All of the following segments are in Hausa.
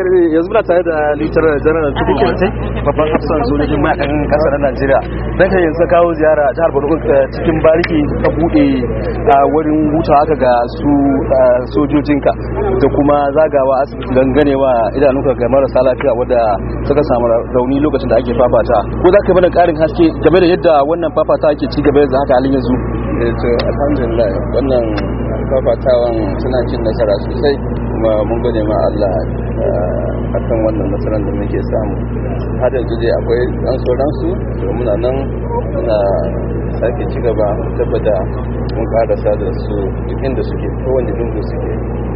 karfi yanzu muna tare da lieutenant general tuku kirti babban hafsan sojojin mayakan kasar najeriya daga yanzu kawo ziyara a jihar borno eh, cikin bariki ka bude wurin huta haka ga su sojojinka da kuma zagawa asibiti ganganewa idanunka ga marasa lafiya wadda suka samu rauni lokacin da ake fafata ko za ka mana karin haske game da yadda wannan fafata ke ci gaba yanzu haka halin yanzu eh, to alhamdulillah wannan fafatawan suna cin nasara sosai kuma mun gode ma Allah akan wannan nasarar da muke samu har yanzu dai akwai ɗan sauransu domin muna nan muna sake ci gaba tabbata mun karasa da su duk inda suke kowane dungu suke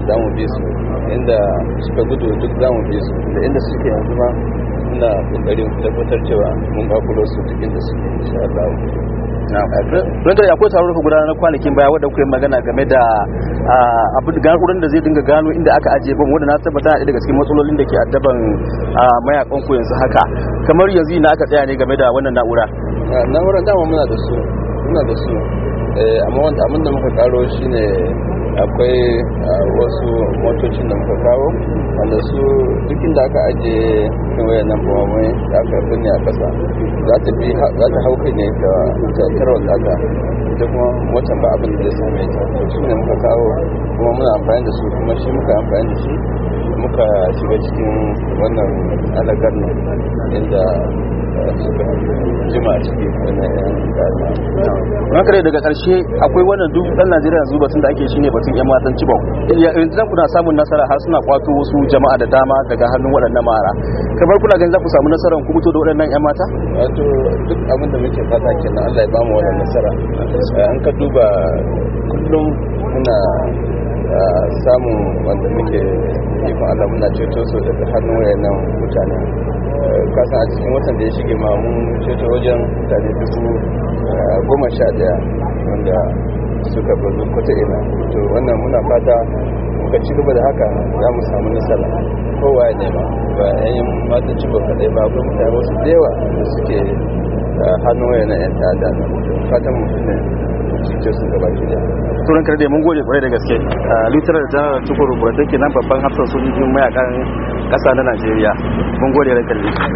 za mu bi su inda suka gudu duk za mu bi su da inda suke yanzu ma muna kokarin tabbatar cewa mun kakulo su duk inda suke insha Allah. Rundar ya ko taron ku gudanar kwanakin baya wadda kuke magana game da abin da zai dinga gano inda aka ajiye bom wanda na tabbata na daga cikin matsalolin da ke addaban mayakan ku yanzu haka kamar yanzu na aka tsaya ne game da wannan na'ura na'urar dama muna da su muna da su eh, amma wanda abin da muka karo shine akwai wasu motocin da muka kawo wanda su duk inda aka ajiye cikin wayan nan bamamai da aka binne a ƙasa za ta bi za ta hauka ne ta da ta ita kuma watan ba abin da zai same ta shi ne muka kawo kuma muna amfani da su kuma shi muka amfani da shi muka shiga cikin wannan alagar nan inda eh, jima ciki wannan yan kare daga karshe akwai wannan duk dan najeriya yanzu batun da ake shine batun yan matan cibok eh, yanzu zan kuna samun nasara har suna kwato wasu jama'a da dama daga hannun waɗannan mara kamar kuna ganin za ku samu nasarar ku fito da waɗannan yan mata wato duk abin da muke fata kenan Allah ya bamu wannan nasara eh, an ka duba kullum muna samun wanda muke ikon Allah muna ceto su daga hannun wayannan mutane eh, kasan a cikin watan da ya shige ma mun ceto wajen mutane dubu eh, goma sha daya wanda suka bazu kwata ina to wannan muna fata muka ci gaba da haka za mu samu nasara kowa nema ba ba yi matan cibo kadai ba akwai mutane wasu da yawa da suke eh, hannun wayannan yan ta'adda fatan mutum ne magance su gaba ke da turan karde mun gode kwarai da gaske a da tukuru tukur burtaki nan babban hafsan sojojin mayakan kasa na Najeriya mun gode ranka